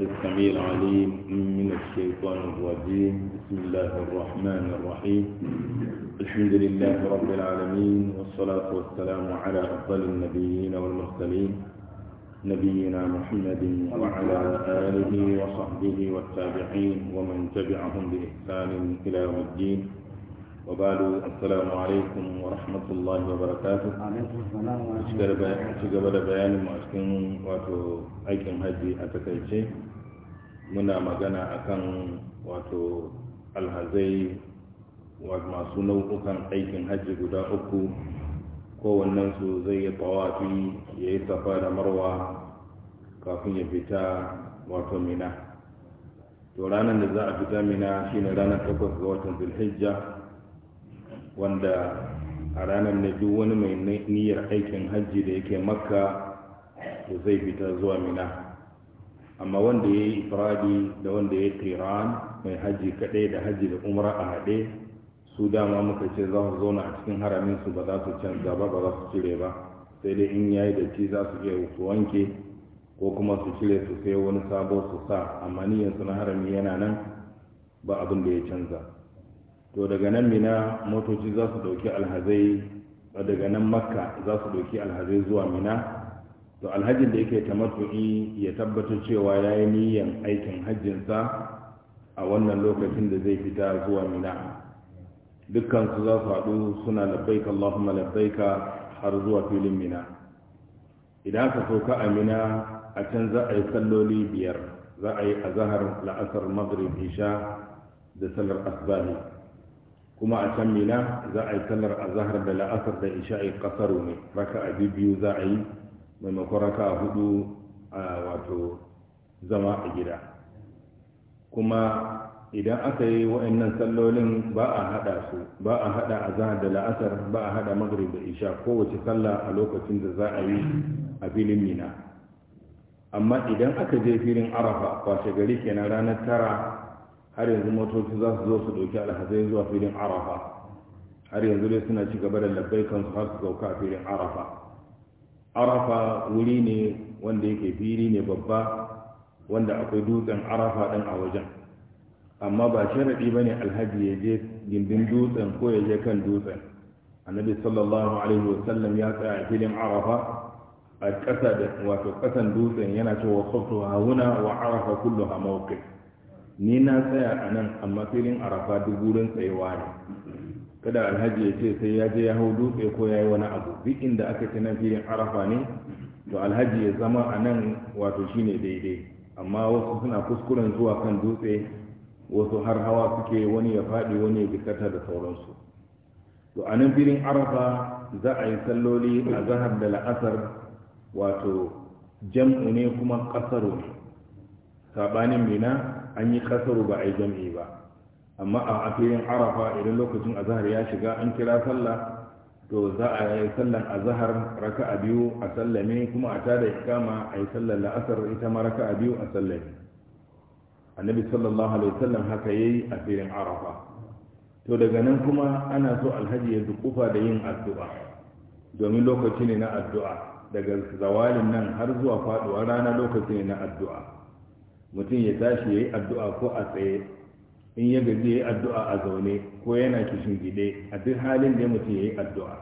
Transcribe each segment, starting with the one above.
السميع العليم من الشيطان الرجيم بسم الله الرحمن الرحيم الحمد لله رب العالمين والصلاة والسلام على أفضل النبيين والمرسلين نبينا محمد وعلى آله وصحبه والتابعين ومن تبعهم بإحسان إلى الدين وبعد السلام عليكم ورحمة الله وبركاته shiga da bayanin cikin wato aikin hajji a takaice muna magana a kan alhazai masu nau'ukan aikin hajji guda uku kowannensu zai yi tawafi ya yi safa da marwa kafin ya fita wato mina to ranar da za a fita mina shine ranar takwas ga watan zulhijja wanda a ranar na duk wani mai niyyar aikin hajji da yake makka da zai fita zuwa mina amma wanda ya yi ifradi da wanda ya yi mai hajji kaɗai da hajji da umra a haɗe su dama muka ce za su zauna a cikin haramin su ba za su canza ba ba za su cire ba sai dai in yayi da ci za su iya su wanke ko kuma su cire su sai wani sabo su sa amma niyyar su na harami yana nan ba abin da ya canza to daga nan mina motoci za su ɗauki alhazai daga nan makka za su ɗauki alhazai zuwa mina to alhajin da yake tamattu'i ya tabbatar cewa ya yi niyyar aikin hajjinsa a wannan lokacin da zai fita zuwa mina dukkan su za su haɗu suna labbaika Allahumma labbaika har zuwa filin mina idan ka sauka a Minna a can za a yi salloli biyar za a yi azahar la'asar maghrib isha da sallar asbahi kuma a can mina za a yi sallar azahar da la'asar da isha'i kasaru ne raka a biyu za a yi maimakon raka a hudu a wato zama a gida kuma idan aka yi wa'annan sallolin ba a hada su ba a hada azahar da la'asar ba a hada maghrib da isha kowace sallah a lokacin da za a yi a filin mina amma idan aka je filin arafa kwashe gari kenan ranar tara har yanzu motoci za su zo su ɗauki alhazai zuwa filin arafa har yanzu dai suna ci gaba da labbai su har su sauka a filin arafa arafa wuri ne wanda yake fili ne babba wanda akwai dutsen arafa ɗin a wajen amma ba sharaɗi ba ne alhaji ya je gindin dutsen ko ya je kan dutsen annabi sallallahu alaihi wasallam ya tsaya a filin arafa a ƙasa da wato ƙasan dutsen yana cewa khuftu hahuna wa arafa a mawqif ni na tsaya a nan amma filin arafa duk wurin tsayewa ne kada alhaji ya ce sai ya je ya hau dutse ko ya yi wani abu duk inda aka ce nan filin arafa ne to alhaji ya zama a nan wato shi ne daidai amma wasu suna kuskuren zuwa kan dutse wasu har hawa suke wani ya faɗi wani ya gikata da sauransu to a nan filin arafa za a yi salloli a zahar da la'asar wato jam'u ne kuma ƙasaro ne saɓanin mina an yi kasaru ba a yi jam'i ba amma a filin arafa idan lokacin azahar ya shiga an kira sallah to za a yi sallan azahar raka a biyu a sallame kuma a tada ikama a yi sallan la'asar ita ma raka a biyu a sallame annabi sallallahu alaihi wasallam haka yayi a filin arafa to daga nan kuma ana so alhaji ya kufa da yin addu'a domin lokaci ne na addu'a daga zawalin nan har zuwa faduwa rana lokaci ne na addu'a mutum ya tashi ya yi addu'a ko a tsaye in ya gaji ya yi addu'a a zaune ko yana kishin gide a duk halin da mutum ya yi addu'a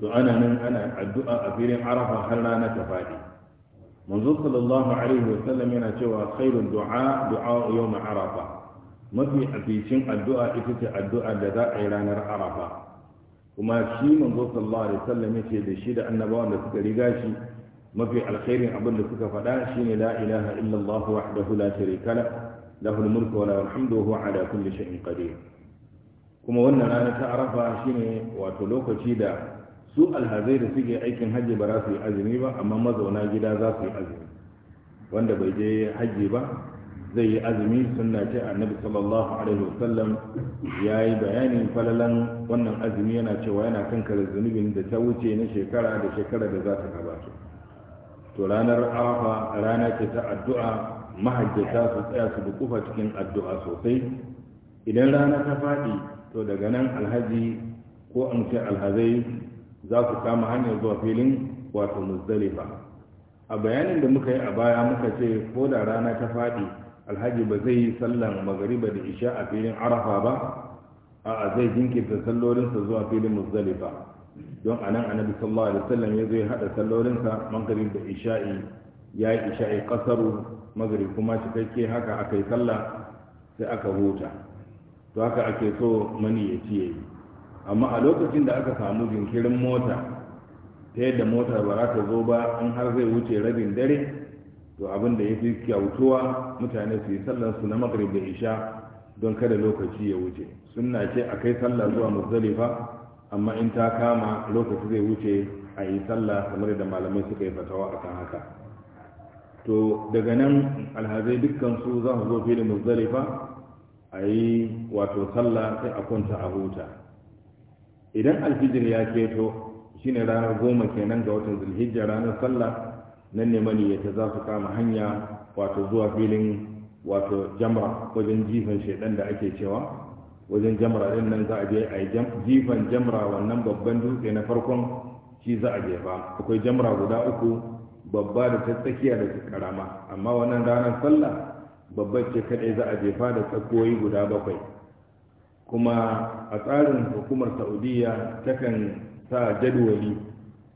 to ana nan ana addu'a a filin arafa har rana ta faɗi manzo sallallahu alaihi wasallam yana cewa khairun du'a du'a yawm arafa mafi abincin addu'a ita ce addu'a da za a yi ranar arafa kuma shi manzo sallallahu alaihi wasallam yace da shi da annabawan da suka riga shi mafi alkhairin abin da suka faɗa shine la ilaha illallah wahdahu la sharika la lahu mulku wa lahu alhamdu huwa ala kulli shay'in qadir kuma wannan rana ta arafa shine wato lokaci da su alhazai da suke aikin hajji ba za su yi azumi ba amma mazauna gida za su yi azumi wanda bai je hajji ba zai yi azumi sunna ce annabi sallallahu alaihi wasallam ya yi bayanin falalan wannan azumi yana cewa yana kankare zunubin da ta wuce na shekara da shekara da za ta gabata to ranar arafa rana ce ta addu'a mahajjata su tsaya su bukufa cikin addu'a sosai idan rana ta faɗi to daga nan alhaji ko an ce alhazai za su kama hanyar zuwa filin wato muzdalifa a bayanin da muka yi a baya muka ce ko da rana ta faɗi alhaji ba zai yi sallan magariba da isha a filin arafa ba a'a zai jinkirta sallolinsa zuwa filin muzdalifa don anan annabi sallallahu alaihi wasallam ya zo ya hada sallolinsa magrib da isha'i ya yi isha'i kasaru magrib kuma cikakke haka aka yi sallah sai aka huta to haka ake so mani ya ci yayi amma a lokacin da aka samu jinkirin mota ta yadda motar ba za ta zo ba in har zai wuce rabin dare to abin da ya fi kyautuwa mutane su yi sallar su na magrib da isha don kada lokaci ya wuce sunna ce a kai sallah zuwa muzdalifa amma in ta kama lokaci zai wuce a yi sallah kamar da malamai suka yi fatawa akan haka to daga nan alhazai dukkan su za su zo filin muzdalifa a yi wato sallah sai a kwanta a huta idan alfijir ya keto shine ranar goma kenan ga watan zulhijja ranar sallah nan ne maniyyata za su kama hanya wato zuwa filin wato jama wajen jifan shaidan da ake cewa wajen jamra din nan za a je a yi jifan jamra wannan babban dutse na farkon shi za a jefa akwai jamra guda uku babba da ta tsakiya da ta karama amma wannan ranar sallah babban ce kadai za a jefa da tsakoyi guda bakwai kuma a tsarin hukumar saudiya takan sa jadwali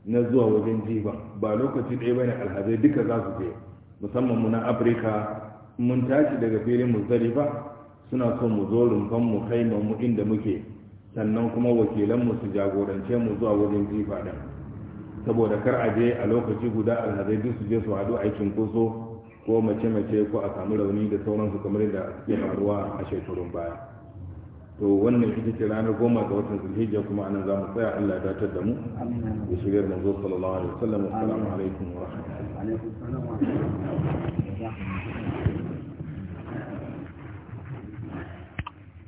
na zuwa wajen jifan ba lokaci ɗaya bane alhazai duka za su je musamman mu na afirka mun tashi daga filin muzdalifa suna so mu zo rumfan mu kai mu inda muke sannan kuma wakilan mu su jagorance mu zuwa wajen jifa din saboda kar a je a lokaci guda alhazai duk su je su hadu aikin cunkoso ko mace-mace ko a samu rauni da sauransu kamar da suke faruwa a shekarun baya to wannan ita ce ranar goma ga watan zulhijja kuma anan za mu tsaya Allah ya datar da mu da shigar manzo sallallahu alaihi wasallam assalamu alaikum wa rahmatullahi